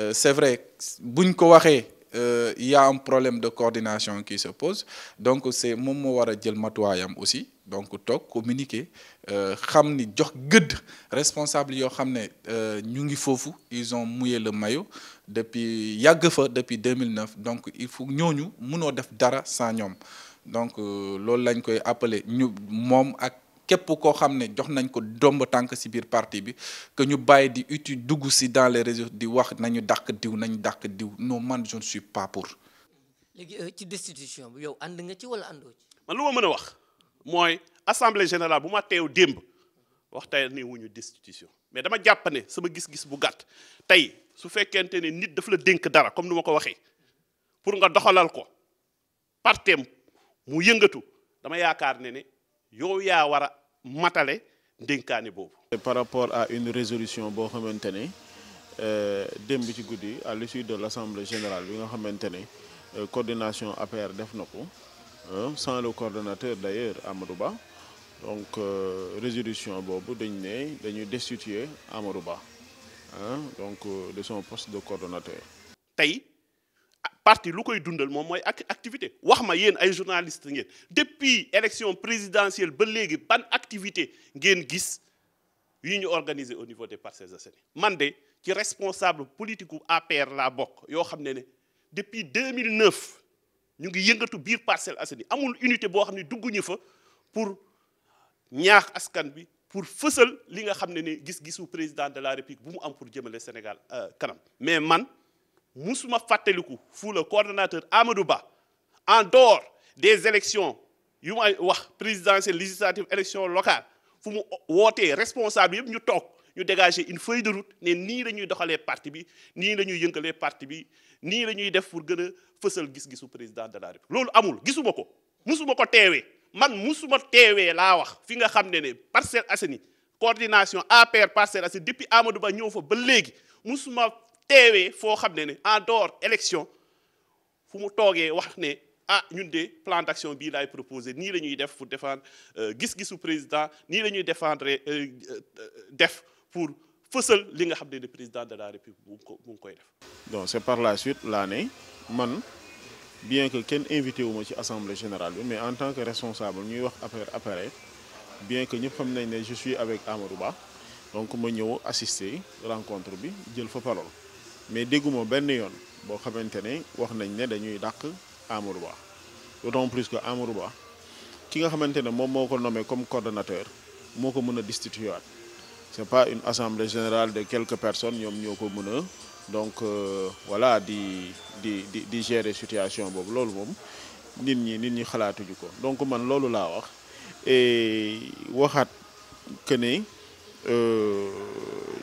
Euh, c'est vrai buñ ko il euh, y a un problème de coordination qui se pose donc c'est mom mo wara jël matuwaayam aussi donc tok communiquer euh xamni jox geud responsable yo xamné euh ñu ngi fofu, ils ont mouillé le maillot depuis yàgg fa depuis 2009 donc il faut ñooñu mëno def dara sans ñom. donc euh, lool lañ koy appeler ñu mom ak. képp koo xam ne jox nañ ko domb tànk si biir parti bi que ñu bàyyi di uti dugg si dans les réseaux di wax nañu dàq diw nañu dàq diw non man je ne suis pas pour. Euh, ci destitution bi yow and nga ci wala àndoo ci. man lu ma mën a wax mooy assemblée générale bu ma teew démb wax tey ni wuñu destitution mais dama jàpp ne sama gis-gis bu gàtt tey su fekkente ne nit daf la dénk dara comme ni ma ko waxee pour nga doxalal ko parteem mu yëngatu dama yaakaar ne par rapport à une résolution bo xamantene euh à l'issue de l'assemblée générale bi nga xamantene euh, coordination APR def euh, sans le coordonnateur d'ailleurs à Ba donc euh, résolution est dañ à dañu destituer Amadou hein, donc de son poste de coordonnateur parti lu koy activité journaliste depuis élection présidentielle ba activité organisée au niveau des Parcelles Assainies responsable politique APR la depuis 2009 nous avons yëngatu des Parcelles Assainies amul unité pour ñaax askan pour faire président de la république pour Sénégal euh, mais musuma Fateliku, fou le coordonnateur Amadou Ba en dehors des élections présidentielles, législatives, wax locales, pour élection responsable nous ñu nous ñu dégager une feuille de route ni nii la ñuy parti bi ni la ñuy yënkalee parti bi ni la ñuy def pour gën gis gisou président de la République loolu amul gisuma ko musuma ko teewee man musuma teewee laa wax fi nga xam ne ne coordination APR parcelle Assainies depuis Amadou Ba ñëw fa ba léegi musuma teewee fo xamné ne en dehors élection fu mu toogee wax né ah ñun de plan d'action bi lay proposé ni lañuy def pour défendre euh, gis-gisu président ni la ñuy défendre euh, euh, def pour fësal li nga xamné président de la république bu mu koy def. donc c'est par la suite l'année, man bien que ken invité wu ma ci assemblée générale mais en tant que responsable ñuy wax affaire appareil bien que ñepp xam nañ je suis avec Amadou Ba donc ma ñëw assister rencontre bi jël fa parole mais yoon dañuy plus que amourba ki nga xamantene mom comme coordonnateur moko mëna c'est pas une assemblée générale de quelques personnes qui ñoko mëna donc euh, voilà di di di gérer situation nit ñi nit donc man et que euh,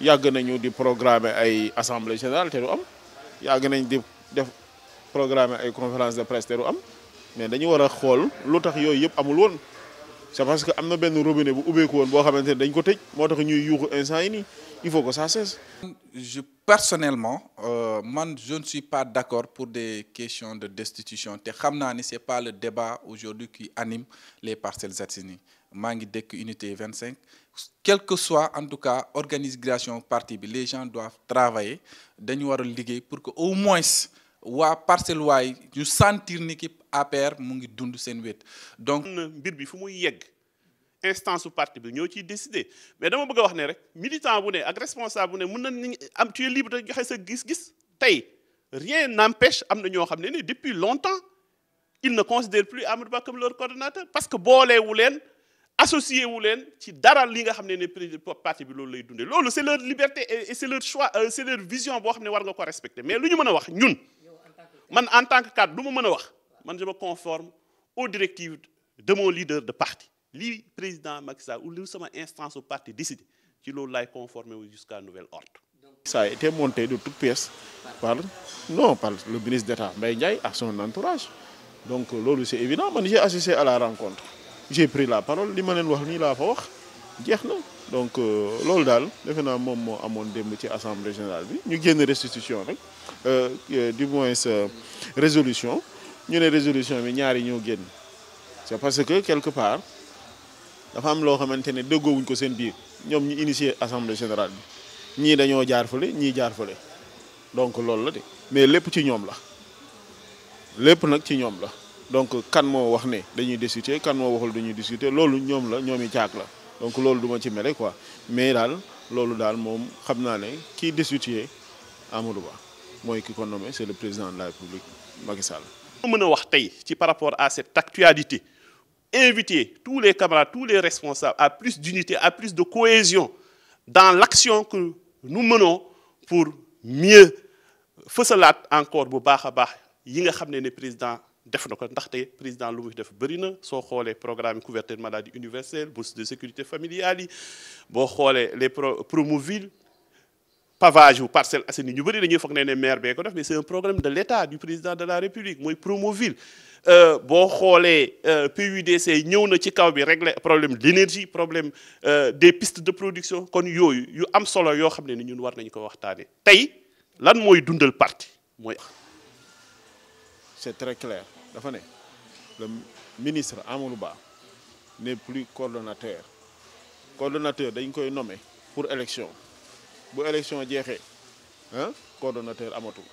yàgg nañu di programme ay assemblée générale te am yàgg nañ di def programme ay conférence de presse te am mais dañu war a xool lu tax yooyu yëpp amul woon c'est parce que amna ben robinet bu ubbeeku ko won bo ne dañ ko tej motax ñuy yuxu instant yi nii il faut que ça cesse. je personnellement euh, man je ne suis pas d'accord pour des questions de destitution té xamna ni c'est pas le débat aujourd'hui qui anime les Parcelles Assainies maa ngi dëkk unité 25 quel que soit en tout cas organisation parti bi les gens doivent travailler dañu war a pour que au moins waa parcelle waay du sentir ni ki APR mu ngi dund seen wet donc. mbir bi fu muy yegg instance parti bi ñoo ciy décider mais dama bëgg wax ne rek militant bu ne ak responsable bu ne mun nañ am tu es libre de joxe sa gis-gis tey rien n'empêche am na ñoo xam ne ni depuis longtemps ils ne considèrent plus Amadou Ba comme leur coordinateur parce que wu leen associé wu leen ci dara li nga xam ne ne parti bi loolu lay dundee loolu c'est leur liberté et c'est leur choix euh, c'est leur vision boo xam ne war nga ko respecter mais lu ñu mën a wax ñun man en tant que cadre je me conforme aux directives de mon leader de parti le président Macky ou li instance au parti décide que loolu laay conformer jusqu'à jusqu'à nouvel ordre. Ça a été monté de toutes pièces par non par le ministre d'État mais Ndiaye à son entourage donc c'est évident j'ai assisté à la rencontre j'ai pris la parole li ma leen wax nii fa jeex na donc euh, loolu dal defe naa moom moo amoon ci assemblée générale bi ñu génn restitution rek euh, euh, du moins résolution ñu ne résolution bi ñaari ñoo génn c'est parce que quelque part dafa am loo xamante ne dëggoowuñ ko seen biir ñoom ñu initier assemblée générale bi ñii dañoo jaar fële ñii jaar fële donc loolu la de mais lépp ci ñoom la lépp nag ci ñoom la donc kan moo wax ne dañuy discuter kan moo waxul dañuy discuter loolu ñoom la ñoom i caag la donc lolu duma ci quoi mais dal lolu dal mom xamna né qui kii c'est le président de la République Macky Nous avons wax par rapport à cette actualité inviter tous les camarades tous les responsables à plus d'unité à plus de cohésion dans l'action que nous menons pour mieux cela encore bu baax baax yi nga xamné président def na ko ndaxte président lu muy def bëri na soo xoolee programme couverture maladie universelle bourse de sécurité familiale yi boo xoolee les promoville pavage yu parcelle Assainies ñu bëri dañuy foog ne ne maire bee ko def mais c'est un programme de l'État du président de la République mooy promoville euh, boo xoolee euh, PUDC ñëw na ci kaw bi régler problème d'énergie problème euh, des pistes de production kon yooyu yu am solo yoo xam ne ni ñun war nañu ko waxtaanee tey lan mooy dundal parti mooy c'est très clair le ministre Amadou n'est plus coordonnateur coordonnateur dañ koy nommé pour élection bu élection jeexee hein? coordonnateur amatul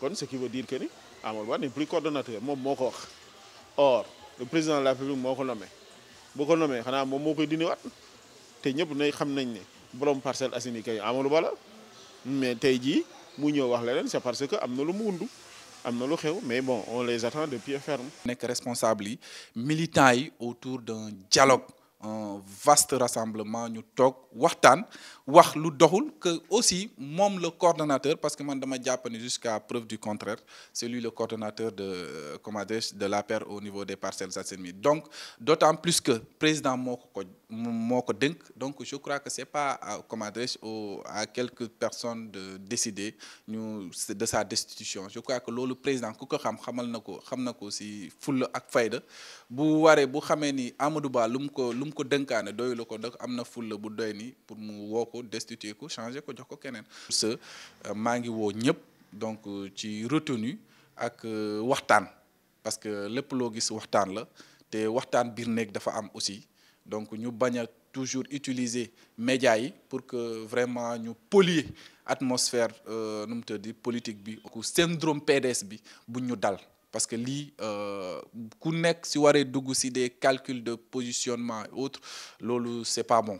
kon ce qui veut dire que ni n'est plus coordonnateur Moi, or le président de la République moo nommé bu ko nommé xanaa moom moo koy dindiwaat n'est ñëpp nay xam nañ ne nommé. Parcelles Assainies kay Amadou Ba la mais tey jii mu ñëw wax c'est parce que am lu mu mais bon on les attend de pied ferme. est responsable militant autour d'un dialogue un vaste rassemblement ñu tok waxtan wax lu que aussi mom le coordonnateur parce que man dama jusqu'à preuve du contraire c'est lui le coordonnateur de euh, comment de la paire au niveau des Parcelles donc d'autant plus que président moko ko donc je crois que c'est pas comment à quelques personnes de décider nous de sa destitution je crois que le président ko xam si ak fayda bu ko dënkaane doyu la ko dok am na fulla bu doy nii pour mu woo ko destituer ko changer ko jox ko keneen ce euh, maa ngi woo ñëpp donc euh, ci retenue ak euh, waxtaan parce que lépp loo gis waxtaan la te waxtaan biir néeg dafa am aussi donc ñu bañ a toujours utiliser médias yi pour que vraiment ñu polluer atmosphère nu mu tëdd politique bi ku syndrome PDS bi bu ñu dal parce que euh, ku nek si waré dugg des calculs de positionnement et autres c'est pas bon